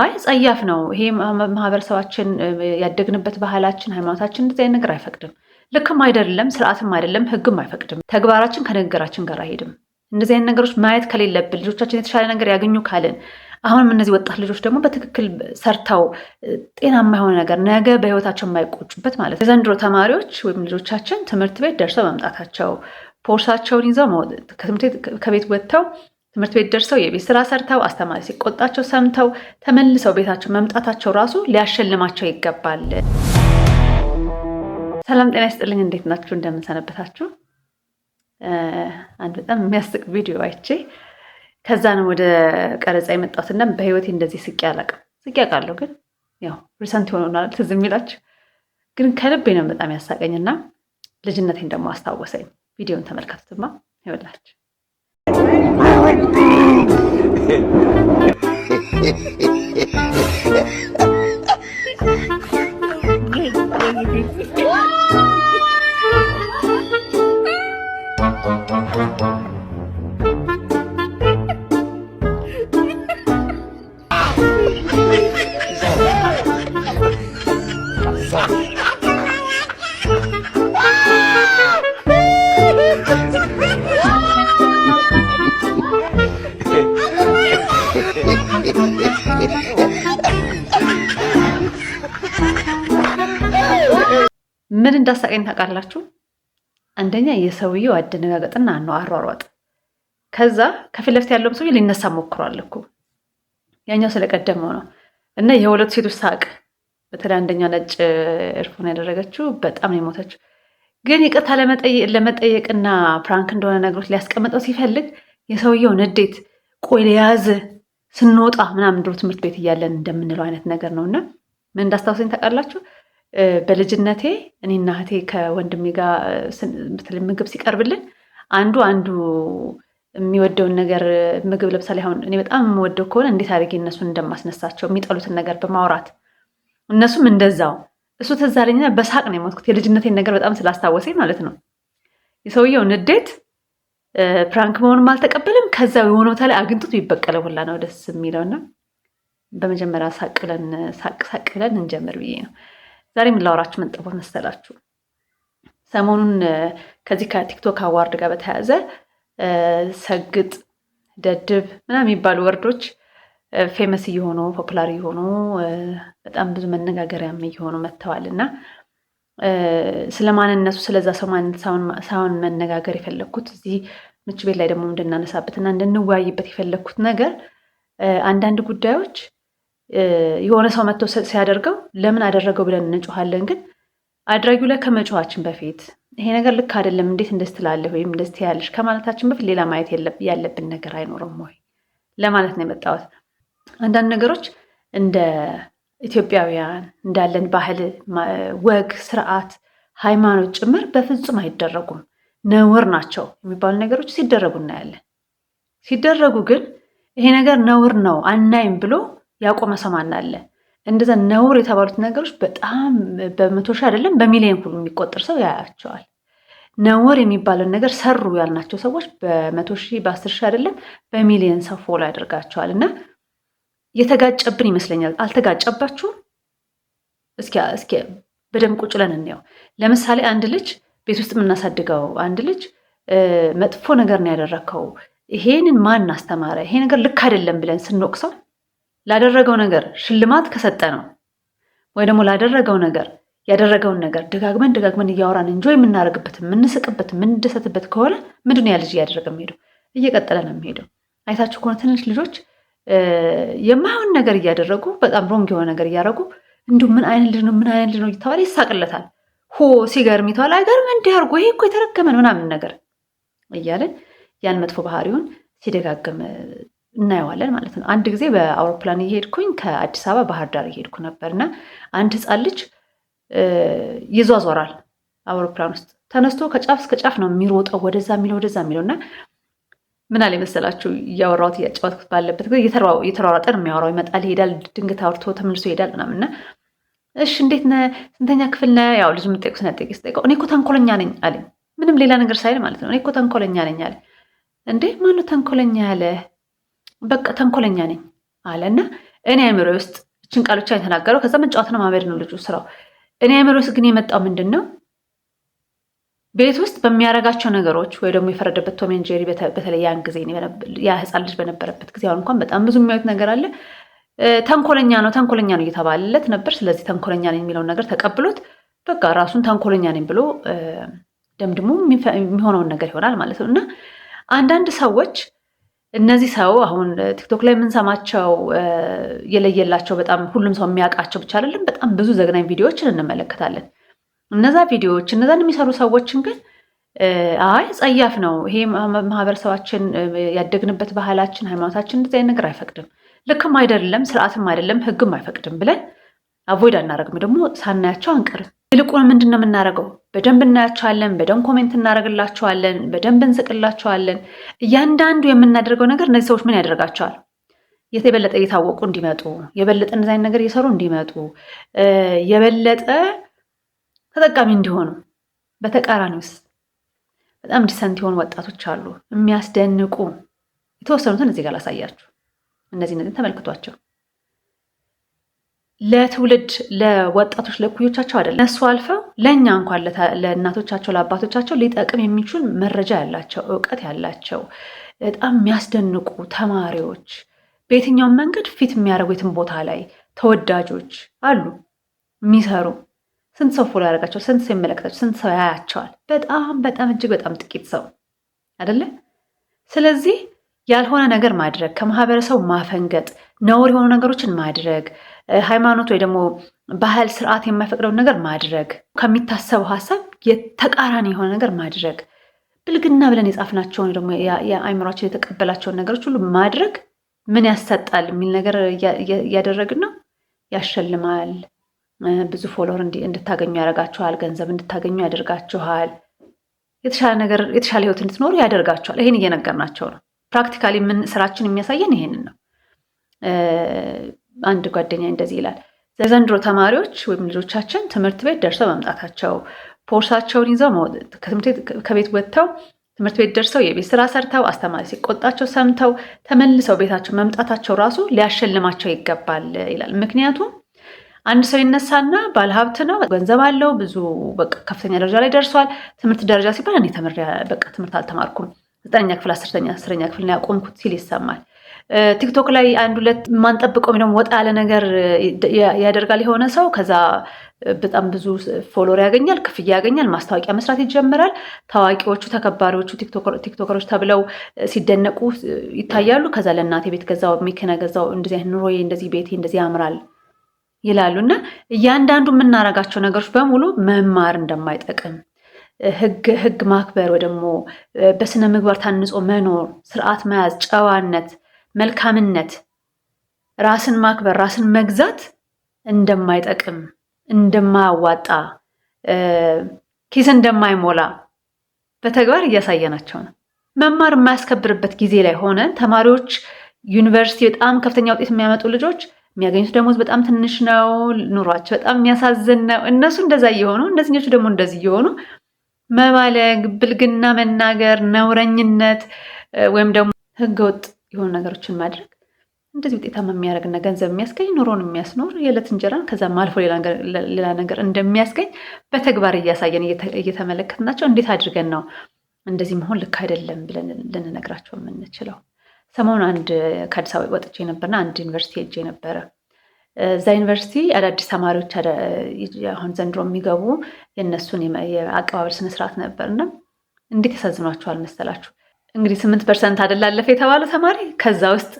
አይ ጸያፍ ነው ይሄ ማህበረሰባችን ያደግንበት ባህላችን፣ ሃይማኖታችን እንደዚህ ነገር አይፈቅድም። ልክም አይደለም፣ ስርዓትም አይደለም፣ ህግም አይፈቅድም። ተግባራችን ከንግግራችን ጋር አይሄድም። እንደዚህ አይነት ነገሮች ማየት ከሌለብን ልጆቻችን የተሻለ ነገር ያገኙ ካልን አሁንም እነዚህ ወጣት ልጆች ደግሞ በትክክል ሰርተው ጤናማ የሆነ ነገር ነገ በህይወታቸው የማይቆጩበት ማለት ነው። የዘንድሮ ተማሪዎች ወይም ልጆቻችን ትምህርት ቤት ደርሰው መምጣታቸው፣ ፖርሳቸውን ይዘው ከቤት ወጥተው ትምህርት ቤት ደርሰው የቤት ስራ ሰርተው አስተማሪ ሲቆጣቸው ሰምተው ተመልሰው ቤታቸው መምጣታቸው ራሱ ሊያሸልማቸው ይገባል። ሰላም ጤና ይስጥልኝ። እንዴት ናችሁ? እንደምንሰነበታችሁ። አንድ በጣም የሚያስቅ ቪዲዮ አይቼ ከዛ ነው ወደ ቀረጻ እና በህይወቴ እንደዚህ ስቄ አላውቅም። ስቄ አውቃለሁ ግን ያው ሪሰንት ይሆናል ትዝ የሚላችሁ ግን ከልቤ ነው በጣም ያሳቀኝና ልጅነቴን ደግሞ አስታወሰኝ። ቪዲዮን ተመልከቱትማ ይወላችሁ Wow! ምን እንዳሳቀኝ ታውቃላችሁ? አንደኛ የሰውየው አደነጋገጥና ነው አሯሯጥ። ከዛ ከፊት ለፊት ያለውም ሰውዬ ሊነሳ ሞክሯል እኮ ያኛው ስለቀደመው ነው። እና የሁለቱ ሴቶች ሳቅ፣ በተለይ አንደኛው ነጭ እርፎን ያደረገችው በጣም የሞተች ግን ይቅርታ ለመጠየቅና ፕራንክ እንደሆነ ነገሮች ሊያስቀምጠው ሲፈልግ የሰውየው ንዴት ቆይ ለያዝ ስንወጣ ምናምን ድሮ ትምህርት ቤት እያለን እንደምንለው አይነት ነገር ነው እና ምን እንዳስታውሰኝ ታውቃላችሁ? በልጅነቴ እኔና እህቴ ከወንድሜ ጋር ተ ምግብ ሲቀርብልን አንዱ አንዱ የሚወደውን ነገር ምግብ ለምሳሌ አሁን እኔ በጣም የምወደው ከሆነ እንዴት አድርጌ እነሱን እንደማስነሳቸው የሚጠሉትን ነገር በማውራት እነሱም እንደዛው እሱ ትዝ አለኝና በሳቅ ነው የሞትኩት። የልጅነቴን ነገር በጣም ስላስታወሰኝ ማለት ነው። የሰውየው ንዴት ፕራንክ መሆኑም አልተቀበልም። ከዛ የሆነ ቦታ ላይ አግኝቶት ይበቀለ ሁላ ነው ደስ የሚለውና በመጀመሪያ ሳቅለን ሳቅ ሳቅ ብለን እንጀምር ብዬ ነው። ዛሬ የምንላወራችሁ ምን ጠቦት መሰላችሁ? ሰሞኑን ከዚህ ከቲክቶክ አዋርድ ጋር በተያያዘ ሰግጥ፣ ደድብ ምናምን የሚባሉ ወርዶች ፌመስ እየሆኑ ፖፑላር እየሆኑ በጣም ብዙ መነጋገሪያም እየሆኑ መጥተዋል እና ስለ ማንነቱ ስለዛ ሰው ማንነት ሳይሆን መነጋገር የፈለግኩት እዚህ ምች ቤት ላይ ደግሞ እንድናነሳበት እና እንድንወያይበት የፈለግኩት ነገር አንዳንድ ጉዳዮች የሆነ ሰው መጥቶ ሲያደርገው ለምን አደረገው ብለን እንጮኋለን። ግን አድራጊው ላይ ከመጮኋችን በፊት ይሄ ነገር ልክ አይደለም፣ እንዴት እንደዚህ ትላለህ ወይም እንደዚህ ትያለሽ ከማለታችን በፊት ሌላ ማየት ያለብን ነገር አይኖርም ወይ ለማለት ነው የመጣሁት። አንዳንድ ነገሮች እንደ ኢትዮጵያውያን እንዳለን ባህል፣ ወግ፣ ስርዓት፣ ሃይማኖት ጭምር በፍጹም አይደረጉም ነውር ናቸው የሚባሉ ነገሮች ሲደረጉ እናያለን። ሲደረጉ ግን ይሄ ነገር ነውር ነው አናይም ብሎ ያቆመ ሰው ማን አለ? እንደዛ ነውር የተባሉት ነገሮች በጣም በመቶ ሺህ አይደለም በሚሊዮን ሁሉ የሚቆጠር ሰው ያያቸዋል። ነውር የሚባለውን ነገር ሰሩ ያልናቸው ሰዎች በመቶ ሺህ በአስር ሺህ አይደለም በሚሊዮን ሰው ፎሎ ያደርጋቸዋል። እና የተጋጨብን ይመስለኛል። አልተጋጨባችሁም? እስኪ እስኪ በደንብ ቁጭ ብለን እንየው። ለምሳሌ አንድ ልጅ ቤት ውስጥ የምናሳድገው አንድ ልጅ መጥፎ ነገር ነው ያደረከው፣ ይሄንን ማን አስተማረ፣ ይሄ ነገር ልክ አይደለም ብለን ስንወቅሰው ላደረገው ነገር ሽልማት ከሰጠ ነው ወይ ደግሞ ላደረገው ነገር ያደረገውን ነገር ደጋግመን ደጋግመን እያወራን እንጆ የምናደርግበት የምንስቅበት የምንደሰትበት ከሆነ ምንድን ያ ልጅ እያደረገ የሚሄደው እየቀጠለ ነው የሚሄደው። አይታችሁ ከሆነ ትንሽ ልጆች የማይሆን ነገር እያደረጉ በጣም ሮንግ የሆነ ነገር እያደረጉ እንዲሁ ምን አይነት ልጅ ነው ምን አይነት ልጅ ነው እየተባለ ይሳቅለታል። ሆ ሲገርም ይተዋል። አይገርም እንዲህ አድርጎ ይሄ እኮ የተረገመን ምናምን ነገር እያለን ያን መጥፎ ባህሪውን ሲደጋግም እናየዋለን ማለት ነው። አንድ ጊዜ በአውሮፕላን እየሄድኩኝ ከአዲስ አበባ ባህር ዳር እየሄድኩ ነበር እና አንድ ህፃን ልጅ ይዟዟራል አውሮፕላን ውስጥ ተነስቶ ከጫፍ እስከ ጫፍ ነው የሚሮጠው፣ ወደዛ የሚለው ወደዛ የሚለው እና ምን አለ መሰላችሁ እያወራሁት እያጫወትኩት ባለበት ጊዜ እየተሯሯጠ ነው የሚያወራው። ይመጣል፣ ይሄዳል፣ ድንገት አውርቶ ተመልሶ ይሄዳል ምናምን እና እሺ እንዴት ነ ስንተኛ ክፍል ነ? ያው ልጁ የምጠይቁት ነጠቂ ስጠይቀው እኔ እኮ ተንኮለኛ ነኝ አለኝ። ምንም ሌላ ነገር ሳይል ማለት ነው። እኔ እኮ ተንኮለኛ ነኝ አለ። እንዴ ማነው ተንኮለኛ ያለህ በቃ ተንኮለኛ ነኝ አለና እኔ አእምሮ ውስጥ እችን ቃል የተናገረው ከዛ ነው ማመድ ነው ልጁ ስራው። እኔ አእምሮ ውስጥ ግን የመጣው ምንድን ነው ቤት ውስጥ በሚያረጋቸው ነገሮች ወይ ደግሞ የፈረደበት ቶም ኤንድ ጄሪ በተለይ ያን ጊዜ ያ ህፃን ልጅ በነበረበት ጊዜ አሁን እንኳን በጣም ብዙ የሚያዩት ነገር አለ። ተንኮለኛ ነው ተንኮለኛ ነው እየተባለለት ነበር። ስለዚህ ተንኮለኛ ነኝ የሚለውን ነገር ተቀብሎት በቃ ራሱን ተንኮለኛ ነኝ ብሎ ደምድሞ የሚሆነውን ነገር ይሆናል ማለት ነው እና አንዳንድ ሰዎች እነዚህ ሰው አሁን ቲክቶክ ላይ የምንሰማቸው የለየላቸው በጣም ሁሉም ሰው የሚያውቃቸው ብቻ አይደለም፣ በጣም ብዙ ዘግናኝ ቪዲዮዎችን እንመለከታለን። እነዛ ቪዲዮዎች እነዛን የሚሰሩ ሰዎችን ግን አይ ጸያፍ ነው ይሄ ማህበረሰባችን፣ ያደግንበት ባህላችን፣ ሃይማኖታችን እንደዚህ አይነት ነገር አይፈቅድም፣ ልክም አይደለም፣ ስርዓትም አይደለም፣ ህግም አይፈቅድም ብለን አቮይድ አናደርግም። ደግሞ ሳናያቸው አንቀርም። ይልቁን ምንድን ነው የምናደርገው? በደንብ እናያቸዋለን፣ በደንብ ኮሜንት እናደርግላቸዋለን፣ በደንብ እንስቅላቸዋለን። እያንዳንዱ የምናደርገው ነገር እነዚህ ሰዎች ምን ያደርጋቸዋል? የበለጠ እየታወቁ እንዲመጡ፣ የበለጠ እንደዚህ አይነት ነገር እየሰሩ እንዲመጡ፣ የበለጠ ተጠቃሚ እንዲሆኑ። በተቃራኒውስ በጣም ዲሰንት የሆኑ ወጣቶች አሉ፣ የሚያስደንቁ የተወሰኑትን እዚህ ጋር ላሳያችሁ። እነዚህ እነዚህን ተመልክቷቸው ለትውልድ ለወጣቶች ለኩዮቻቸው አይደለም እነሱ አልፈው ለእኛ እንኳን ለእናቶቻቸው ለአባቶቻቸው ሊጠቅም የሚችል መረጃ ያላቸው እውቀት ያላቸው በጣም የሚያስደንቁ ተማሪዎች በየትኛውም መንገድ ፊት የሚያደርጉ ቦታ ላይ ተወዳጆች አሉ የሚሰሩ። ስንት ሰው ፎሎ ያደርጋቸው? ስንት ሰው ይመለከታቸው? ስንት ሰው ያያቸዋል? በጣም በጣም እጅግ በጣም ጥቂት ሰው አይደለ? ስለዚህ ያልሆነ ነገር ማድረግ፣ ከማህበረሰቡ ማፈንገጥ፣ ነውር የሆኑ ነገሮችን ማድረግ ሃይማኖት ወይ ደግሞ ባህል ስርዓት የማይፈቅደውን ነገር ማድረግ፣ ከሚታሰበው ሀሳብ የተቃራኒ የሆነ ነገር ማድረግ፣ ብልግና ብለን የጻፍናቸውን ደግሞ የአእምሯችን የተቀበላቸውን ነገሮች ሁሉ ማድረግ ምን ያሰጣል የሚል ነገር እያደረግን ነው። ያሸልማል። ብዙ ፎሎወር እንድታገኙ ያደርጋችኋል። ገንዘብ እንድታገኙ ያደርጋችኋል። የተሻለ ነገር የተሻለ ህይወት እንድትኖሩ ያደርጋችኋል። ይህን እየነገርናቸው ነው። ፕራክቲካሊ ምን ስራችን የሚያሳየን ይሄንን ነው። አንድ ጓደኛ እንደዚህ ይላል፣ የዘንድሮ ተማሪዎች ወይም ልጆቻችን ትምህርት ቤት ደርሰው መምጣታቸው፣ ፖርሳቸውን ይዘው ከቤት ወጥተው ትምህርት ቤት ደርሰው የቤት ስራ ሰርተው አስተማሪ ሲቆጣቸው ሰምተው ተመልሰው ቤታቸው መምጣታቸው ራሱ ሊያሸልማቸው ይገባል ይላል። ምክንያቱም አንድ ሰው ይነሳና ባለሀብት ነው፣ ገንዘብ አለው፣ ብዙ ከፍተኛ ደረጃ ላይ ደርሷል። ትምህርት ደረጃ ሲባል እኔ ትምህርት አልተማርኩም፣ ዘጠነኛ ክፍል፣ አስረኛ ክፍል ነው ያቆምኩት ሲል ይሰማል። ቲክቶክ ላይ አንድ ሁለት የማንጠብቀው ደግሞ ወጣ ያለ ነገር ያደርጋል የሆነ ሰው። ከዛ በጣም ብዙ ፎሎር ያገኛል፣ ክፍያ ያገኛል፣ ማስታወቂያ መስራት ይጀምራል። ታዋቂዎቹ ተከባሪዎቹ ቲክቶከሮች ተብለው ሲደነቁ ይታያሉ። ከዛ ለእናቴ ቤት ገዛው፣ መኪና ገዛው፣ እንደዚህ ኑሮ፣ እንደዚህ ቤት እንደዚህ ያምራል ይላሉ። እና እያንዳንዱ የምናረጋቸው ነገሮች በሙሉ መማር እንደማይጠቅም ህግ ማክበር ወይ ደግሞ በስነ ምግባር ታንጾ መኖር፣ ስርዓት መያዝ፣ ጨዋነት መልካምነት፣ ራስን ማክበር፣ ራስን መግዛት እንደማይጠቅም እንደማያዋጣ ኪስ እንደማይሞላ በተግባር እያሳየናቸው ነው። መማር የማያስከብርበት ጊዜ ላይ ሆነን ተማሪዎች ዩኒቨርሲቲ በጣም ከፍተኛ ውጤት የሚያመጡ ልጆች የሚያገኙት ደሞዝ በጣም ትንሽ ነው። ኑሯቸው በጣም የሚያሳዝን ነው። እነሱ እንደዛ እየሆኑ እነዚህኞቹ ደግሞ እንደዚህ እየሆኑ መባለግ፣ ብልግና መናገር፣ ነውረኝነት ወይም ደግሞ ህገወጥ የሆኑ ነገሮችን ማድረግ እንደዚህ ውጤታማ የሚያደርግና ገንዘብ የሚያስገኝ ኑሮን የሚያስኖር የዕለት እንጀራን ከዛም አልፎ ሌላ ነገር እንደሚያስገኝ በተግባር እያሳየን እየተመለከትናቸው እንዴት አድርገን ነው እንደዚህ መሆን ልክ አይደለም ብለን ልንነግራቸው የምንችለው። ሰሞኑን አንድ ከአዲስ አበባ ወጥቼ ነበርና አንድ ዩኒቨርሲቲ ሄጄ ነበረ። እዛ ዩኒቨርሲቲ አዳዲስ ተማሪዎች አሁን ዘንድሮ የሚገቡ የእነሱን የአቀባበል ስነስርዓት ነበርና እንዴት ያሳዝኗቸዋል መሰላችሁ እንግዲህ ስምንት ፐርሰንት አደላለፍ አለፈ የተባለው ተማሪ ከዛ ውስጥ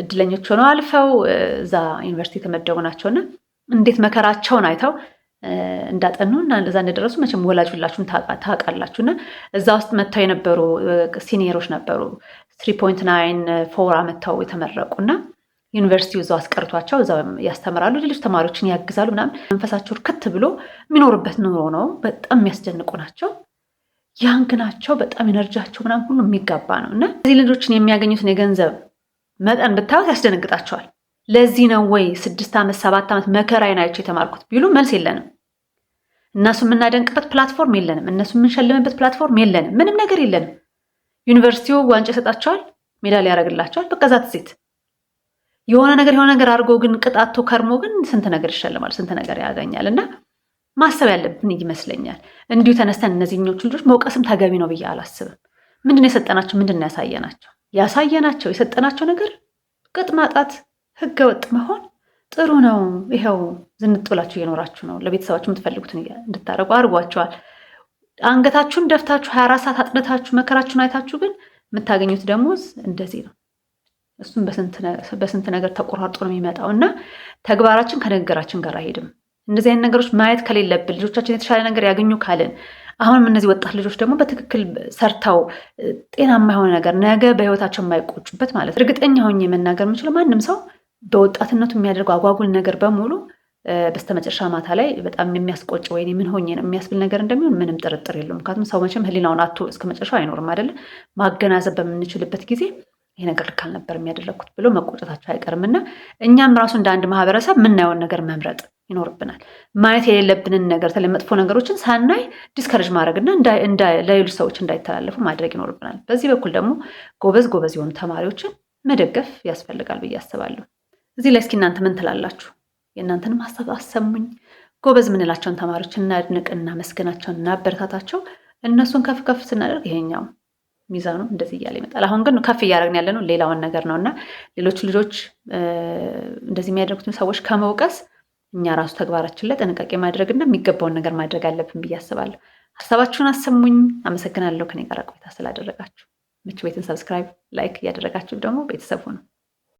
እድለኞች ሆነው አልፈው እዛ ዩኒቨርሲቲ የተመደቡ ናቸውና እንዴት መከራቸውን አይተው እንዳጠኑ እና እዛ እንደደረሱ መቼም ወላጅ ሁላችሁም ታውቃላችሁና እዛ ውስጥ መጥተው የነበሩ ሲኒየሮች ነበሩ ትሪ ፖይንት ናይን ፎር አመጥተው የተመረቁ እና ዩኒቨርሲቲው እዛው አስቀርቷቸው እዛው ያስተምራሉ፣ ሌሎች ተማሪዎችን ያግዛሉ ምናምን መንፈሳቸው እርክት ብሎ የሚኖሩበት ኑሮ ነው። በጣም የሚያስደንቁ ናቸው። ያንግናቸው በጣም ኤነርጂያቸው ምናምን ሁሉ የሚጋባ ነው እና እዚህ ልጆችን የሚያገኙትን የገንዘብ መጠን ብታዩት ያስደነግጣቸዋል። ለዚህ ነው ወይ ስድስት ዓመት ሰባት ዓመት መከራዬን አይቼ የተማርኩት ቢሉ መልስ የለንም። እነሱ የምናደንቅበት ፕላትፎርም የለንም። እነሱ የምንሸልምበት ፕላትፎርም የለንም። ምንም ነገር የለንም። ዩኒቨርሲቲው ዋንጫ ይሰጣቸዋል፣ ሜዳሊያ ያደርግላቸዋል። በቃ ዛት ሴት የሆነ ነገር የሆነ ነገር አድርጎ ግን ቅጣቶ ከርሞ ግን ስንት ነገር ይሸልማል፣ ስንት ነገር ያገኛል እና ማሰብ ያለብን ይመስለኛል። እንዲሁ ተነስተን እነዚህኞቹ ልጆች መውቀስም ተገቢ ነው ብዬ አላስብም። ምንድነው የሰጠናቸው? ምንድነው ያሳየናቸው? ያሳየናቸው የሰጠናቸው ነገር ቅጥ ማጣት፣ ህገወጥ መሆን ጥሩ ነው። ይኸው ዝንጥ ብላችሁ እየኖራችሁ ነው። ለቤተሰባችሁ የምትፈልጉትን እንድታረቁ አድርጓቸዋል። አንገታችሁን ደፍታችሁ ሀያ አራት ሰዓት አጥነታችሁ መከራችሁን አይታችሁ ግን የምታገኙት ደሞዝ እንደዚህ ነው። እሱም በስንት ነገር ተቆራርጦ ነው የሚመጣው እና ተግባራችን ከንግግራችን ጋር አይሄድም። እንደዚህ አይነት ነገሮች ማየት ከሌለብን ልጆቻችን የተሻለ ነገር ያገኙ ካልን አሁንም እነዚህ ወጣት ልጆች ደግሞ በትክክል ሰርተው ጤናማ የሆነ ነገር ነገ በህይወታቸው የማይቆጩበት ማለት ነው። እርግጠኛ ሆኜ መናገር የምችለው ማንም ሰው በወጣትነቱ የሚያደርገው አጓጉል ነገር በሙሉ በስተመጨረሻ ማታ ላይ በጣም የሚያስቆጭ ወይ ምን ሆኜ ነው የሚያስብል ነገር እንደሚሆን ምንም ጥርጥር የለውም። ምክንያቱም ሰው መቼም ህሊናውን አቶ እስከ መጨረሻው አይኖርም አይደለ? ማገናዘብ በምንችልበት ጊዜ ይሄ ነገር ልክ አልነበር የሚያደረግኩት ብሎ መቆጨታቸው አይቀርም እና እኛም ራሱ እንደ አንድ ማህበረሰብ የምናየውን ነገር መምረጥ ይኖርብናል። ማየት የሌለብንን ነገር ተለይ መጥፎ ነገሮችን ሳናይ ዲስከሬጅ ማድረግና ለሌሎች ሰዎች እንዳይተላለፉ ማድረግ ይኖርብናል። በዚህ በኩል ደግሞ ጎበዝ ጎበዝ የሆኑ ተማሪዎችን መደገፍ ያስፈልጋል ብዬ አስባለሁ። እዚህ ላይ እስኪ እናንተ ምን ትላላችሁ? የእናንተንም ሀሳብ አሰሙኝ። ጎበዝ የምንላቸውን ተማሪዎች እናድንቅ፣ እናመስገናቸውን፣ እናበረታታቸው። እነሱን ከፍ ከፍ ስናደርግ ይሄኛው ሚዛኑ እንደዚህ እያለ ይመጣል። አሁን ግን ከፍ እያደረግን ያለ ነው ሌላውን ነገር ነው እና ሌሎች ልጆች እንደዚህ የሚያደርጉትን ሰዎች ከመውቀስ እኛ ራሱ ተግባራችን ላይ ጥንቃቄ ማድረግና የሚገባውን ነገር ማድረግ አለብን ብዬ አስባለሁ። ሀሳባችሁን አሰሙኝ። አመሰግናለሁ ከኔ ጋር ቆይታ ስላደረጋችሁ። ምች ቤትን ሰብስክራይብ፣ ላይክ እያደረጋችሁ ደግሞ ቤተሰብ ሁኑ።